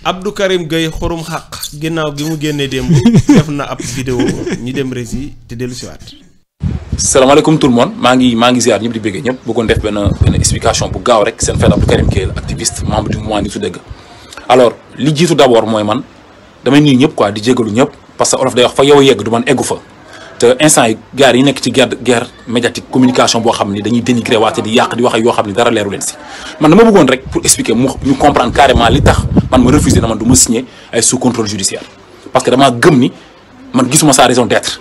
Abdou Karim Gueye xurum xaq ginnaaw bi mu génnee démb def na ab vidéo ñu dem rési te dellu siwaat salaamaaleykum tout le monde maa ngi maa ngi ziar ñëpp di bëggee ñëpp bëggoon def benn benn explication bu gaaw rek seen fenn Abdou Karim Gueye la activiste membre du mouvement Nittu Dëgg alors li jiitu d' abord mooy man damay nuyu ñëpp quoi di jégalu ñëpp parce que olof day wax fa yow yegg du man eggu fa te instant yi gaar yi nekk ci guerre guerre médiatique communication boo xam ni dañuy dénigré waate di yàq wax yoo xam ni dara leeru si man dama bëggoon rek pour expliquer mu ñu comprendre carrément li tax man ma refusé na man du ma signer ay sous contrôle judiciaire parce que damaa gëm ni man gisuma sa raison d'être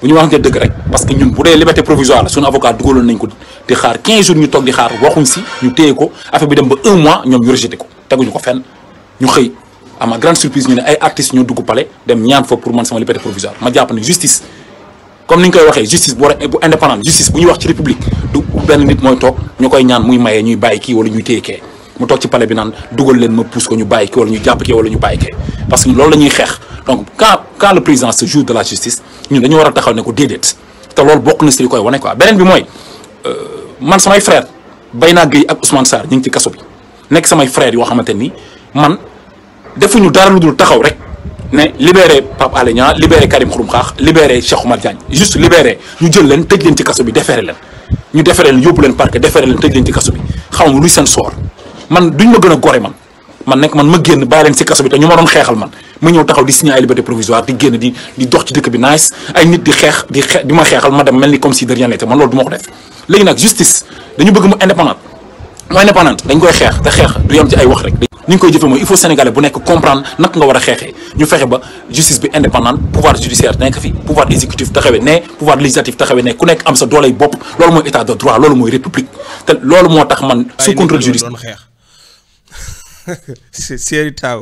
bu ñu waxantee dëgg rek parce que ñun bu dee liberté provisoire la suñu avocat dugaloon nañ ko di xaar 15 jours ñu toog di xaar waxuñ si ñu téye ko affaire bi dem ba un mois ñoom ñu rejeté ko teguñu ko fenn ñu xëy à ma grande surprise ñu ne ay artistes ñoo dugg palais dem ñaan fa comme ni ñu koy waxee justice bu war a bu indépendante justice bu ñuy wax ci république benn nit mooy toog ñu koy ñaan muy maye ñuy bàyyi kii wala ñuy téye kee mu toog ci palais bi naan dugal leen ma pousse ko ñu bàyyi kii wala ñu jàpp kii wala ñu bàyyi kee parce que loolu la xeex donc quand quand président se joue de la justice ñu dañu war a taxaw ne ko déedéet te loolu bokk na si li koy wane quoi beneen bi mooy euh, man samay frère Bayna Gueye ak Ousmane Sarr ñu ngi ci kaso nekk samay frère yoo xamante ni man defuñu dara lu dul taxaw rek. ne libéré Pape Alé Niang libéré Karim Xurum Xaax libéré Cheikh Oumar Diagne juste libere ñu jël leen tëj leen ci kaso bi defere leen ñu defere leen yóbbu leen parquet defere leen tëj leen ci kaso bi xaw ma seen soor man duñ ma gën a gore man man nekk man ma génn bàyyi leen ci kaso bi te ñu ma doon xeexal ma ñëw taxaw di signer ay liberté provisoire di génn di di dox ci dëkk bi nice ay nit di xeex di xeex di ma xeexal ma dem mel ni comme si de rien n'était man loolu du bëgg mu indépendante mu indépendante dañ koy xeex te xeex du ay wax rek ni ñu koy jëfee mooy il faut sénégalais bu nekk comprendre naka nga war a xeexee ñu fexe ba justice bi indépendante pouvoir judiciaire nekk fi pouvoir exécutif taxawee ne pouvoir législatif taxawee ne ku nekk am sa dooley bopp loolu mooy état de droit loolu mooy république te loolu moo tax man sous contrôle judiciaire seeri taaw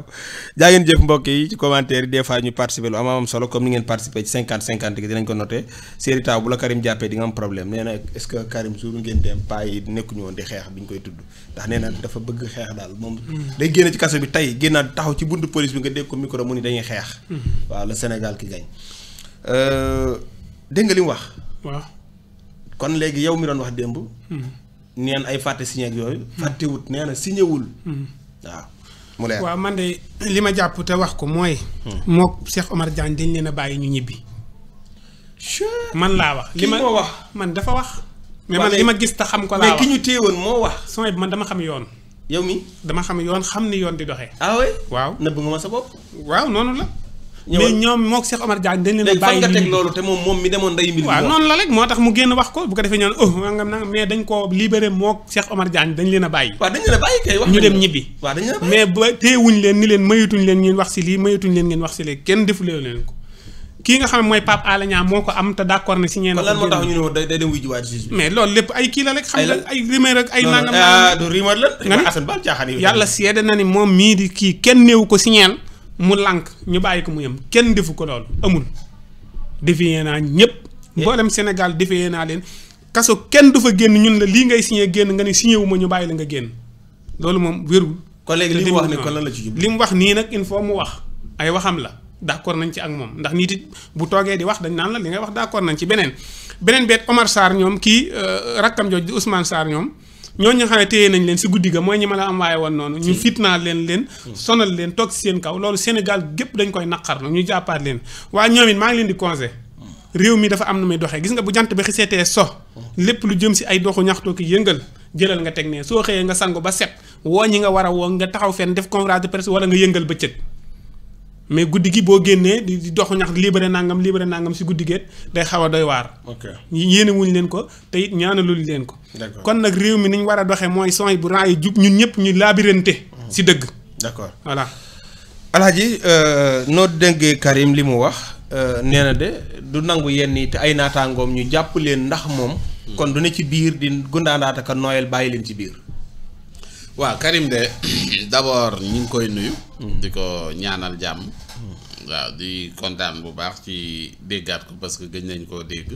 jaa ngeen jëf mbokk yi ci commentaire yi des ñu participer lu am am solo comme ni ngeen participer cinquante cinquante gi dinañ ko noté seeri taaw bu la Karim jàppee di am problème nee na est Karim suur ngeen paa yi nekkuñu woon di xeex bi ñu koy tudd ndax nee dafa bëgg xeex daal moom day génn ci kaso bi tey génnaat taxaw ci buntu police bi nga dégg ko micro mu ni dañuy xeex mm-hmm. waaw le Sénégal ki gañ euh, dégg wax waaw kon léegi yow waaw. mu waaw man de li ma jàpp te wax ko mooy. Hmm. moog Cheikh Omar Diagne dañ leen a bàyyi ñu ñibbi. man laa wax li ma wax man dafa wax. mais man li ma gis te xam ko laa wax mais ki ñu téewoon moo wax. sooy man dama xam yoon. yow mi dama xam yoon xam ni yoon di doxe ah waaw nëbb nga ma sa bopp. waaw noonu la. mais ñoom mook Cheikh Omar Diagne dañ moom moom mi demoon day mbir waaw noonu moo tax mu génn wax ko bu ko defee ñoon oh nangam nangam mais dañ koo libéré mook Cheikh Omar Diagne dañ leen a bàyyi waaw dañ leen a bàyyi kay wax ñu dem ñibbi waaw dañ leen a mais ba téewuñ leen ni leen mayutuñ leen ngeen wax si lii mayutuñ leen ngeen wax si léegi kenn defulee leen ko kii nga xam ne mooy Pape Alé Niang moo ko am te d'accord na si ñeen lan moo tax ñu ne day dem wuy ah, yàlla seede na ni moom mii di kii kenn néewu ko si ñeen mu lànk ñu bàyyi ko mu yem kenn defu ko loolu amul defee naa ñëpp. dem eh. Sénégal defee naa leen kaso kenn du fa génn ñun la lii ngay signé génn nga ne signé wu ma ñu bàyyi la nga génn loolu moom wérul. kon li mu wax ne kon la ci jublu li mu wax nii nag il faut mu wax ay waxam la d'accord nañ ci ak moom ndax nit it bu toogee di wax dañ naan la li ngay wax d'accord nañ ci beneen beneen beet Omar Sarr ñoom kii euh, rakkam jooju di Ousmane Sarr ñoom. ñooñu nga xam ne téye nañ leen si guddi ga mooy ñi ma am waaye woon noonu ñu fitnaal leen leen sonal leen toog si seen kaw loolu Sénégal gépp dañ koy naqar ñu jàppaat leen waa ñoom it maa ngi leen di conseil réew mi dafa am nu muy doxee gis nga bu jant bi xiseetee so lépp lu jëm si ay doxu ñax ki yëngal jëlal nga teg ne soo xëyee nga sangu ba set woo ñi nga war a woo nga taxaw fenn def conférence de presse wala nga yëngal bëccëg mais guddi gi boo génnee di dox ñax libéré nangam libéré nàngam si guddi geet day xaw a doy waar. ok yéene leen ko te it ñaanalul leen ko. kon nag réew mi ni ñu war a doxee mooy son bu raay jub ñun ñëpp ñu laabirante. Hmm. si dëgg. d'accord voilà. Alaaji euh, noo déggee Karim li mu wax euh, nee na de du nangu yenn yi te ay naataangoom ñu jàpp leen ndax moom. Hmm. kon du ne ci biir di gundaandaata ka nooyal bàyyi leen ci biir. waaw Karim de. d' abord ñu ngi koy nuyu. Mm. di ko ñaanal jàmm. Mm. waaw di kontaan bu baax ci déggaat ko parce que gën nañ koo dégg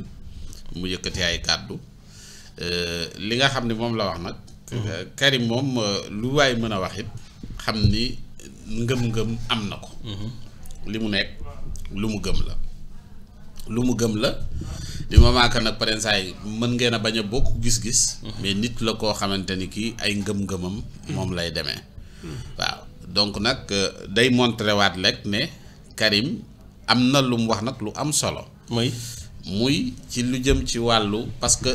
mu yëkkati ay kàddu euh, li nga xam ni moom la wax nag. Mm. Euh, Karim moom euh, lu waay mën a wax xam ni ngëm-ngëm am na ko. Mm-hmm. li mu nekk lu mu gëm la. lu mu gëm la li ma maaka nag parensaay mën ngeen a bañ a bokk gis-gis. Mm-hmm. mais nit la koo xamante ni kii ay ngëm-ngëmam. moom lay demee. waaw donc nag euh, day montré waat rek ne Karim am na lu mu wax nag lu am solo. muy muy ci lu jëm ci wàllu parce que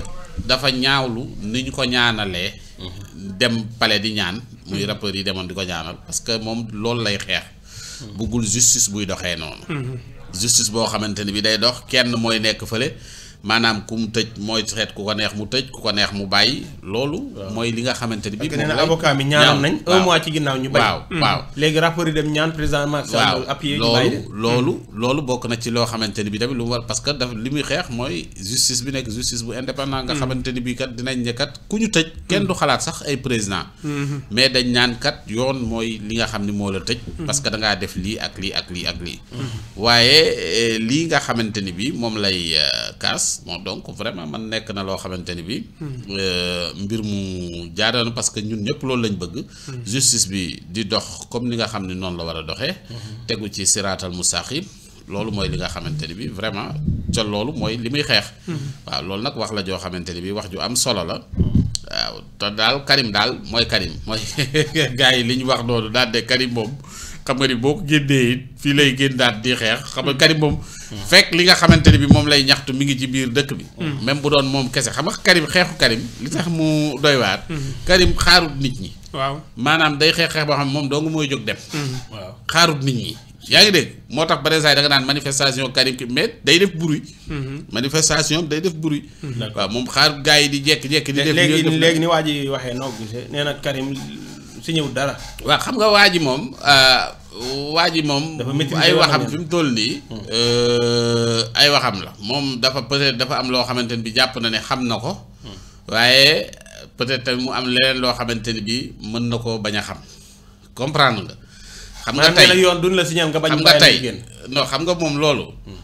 dafa ñaawlu ni ñu ko ñaanalee. Mhm. dem pale di ñaan. muy mhm. rappeurs yi demoon di ko ñaanal parce que moom loolu lay xeex. Mhm. buggul justice buy doxee noonu. justice boo xamante bi day dox kenn mooy nekk fële. maanaam ku mu tëj mooy seet ku ko neex mu tëj ku ko neex mu bàyyi loolu. Euh, mooy li nga xamante ni bii. moom la avocat mi ñaanal nañ. un mois ci ginnaaw ñu. waaw hmm. waaw léegi rapport yi ñaan président Macky Sall. appuyé loolu hmm. loolu bokk na ci loo xamante ni bii tamit lu mu parce que daf li muy xeex mooy justice bi nekk justice bu indépendant. nga hmm. xamante ni bii kat dinañ ne kat ku ñu tëj. kenn du xalaat sax ay président. mais dañ ñaan kat yoon mooy li nga xam ni moo la tëj. parce que da def lii ak lii ak lii ak lii. waaye eh, lii nga xamante ni bii moom lay euh, kaas place bon donc vraiment man nekk na loo xamante ni bi euh, mbir mu jaaroon parce que ñun ñëpp loolu lañ bëgg justice bi di dox comme li nga xam ne noonu la war a doxee tegu ci siraatal musaaqib loolu mooy li nga xamante ni bi vraiment ca loolu mooy li muy xeex waaw loolu nag wax la joo xamante ni bi wax ju am solo la waaw te daal Karim daal mooy Karim mooy gars yi li ñu wax noonu daal de Karim moom xam boo ko génnee it fii lay génn daal di xeex xam nga Karim moom fekk li nga xamante ne bi moom lay ñaxtu mi ngi ci biir dëkk bi mm. même bu doon moom kese xam nga Karim xeexu Karim li tax mu doy waar mm. Karim xaarut nit ñi waaw maanaam day xeex xeex boo xam ne moom dong mooy jóg dem mm. waaw xaarut nit ñi yaa ngi dégg moo tax ba da nga naan manifestation Karim ki mais day def bruit. Mm-hmm. manifestation day def bruit. Mm-hmm. waaw moom xaar gars yi di jékki-jékki. di def léegi léegi ni waa ji waxee noo gisee nee na Karim si ñëw dara. waa xam nga waa ji moom. Euh, waa ji moom. ay waxam fi mu toll nii. Euh, ay waxam la moom dafa peut dafa am loo xamante ni bi jàpp na ne xam na ko. waaye peut-être tamit mu am leneen loo xamante ni bi mën na koo bañ a xam comprendre nga. xam nga tey maanaam yoon duñ la signal bañ. xam nga tey non xam nga moom loolu. Hmm.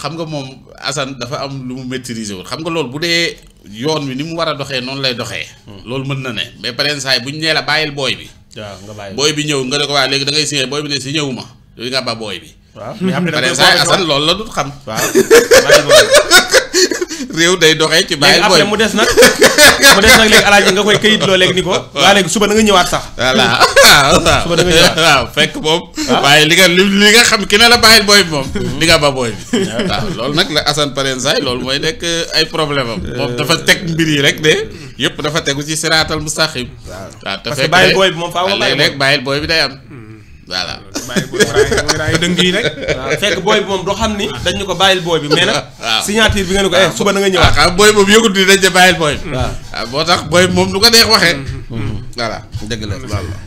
xam nga moom Assane dafa am lu mu maîtriser wul xam nga loolu bu dee yoon wi ni mu war a doxee noonu lay doxee. Hmm. loolu mën na ne mais beneen saa yi bu ñu nee la bàyyil booy bi. booy nga ne waa léegi da ngay signé booy bi ne si ñëwu ma li nga ba booy bi. waaw mais am na Assane loolu la du xam. waaw réew day doxee ci bàyyi booy mu des nag mu des nag léegi alaaji nga koy ko. waaw léegi suba na nga ñëwaat sax. voilà waaw suba na nga ñëwaat waaw li nga li nga xam ki ne la bàyyi booy bi ba booy bi. waaw loolu nag la Assane Parensaay loolu mooy nekk euh, ay problème am. Euh. moom dafa teg mbir yi rek de. yépp dafa tegu ci seraatal mustaqim. waaw waaw te fekk bàyyi booy bi moom faa woo léeg-léeg booy bi day am. Hmm. voilà bàyyi booy mooy raay dëng yi waaw fekk booy bi moom doo xam ni ah. dañ ñu ko bàyyil booy bi mais nag. waaw signature bi nga ne ko eh ah, suba na nga ñëwaat. waaw ah, booy boobu yëgut ni dañ de bàyyil booy bi. waaw moo tax booy bi moom lu ko neex waxee. Hmm. voilà dëgg la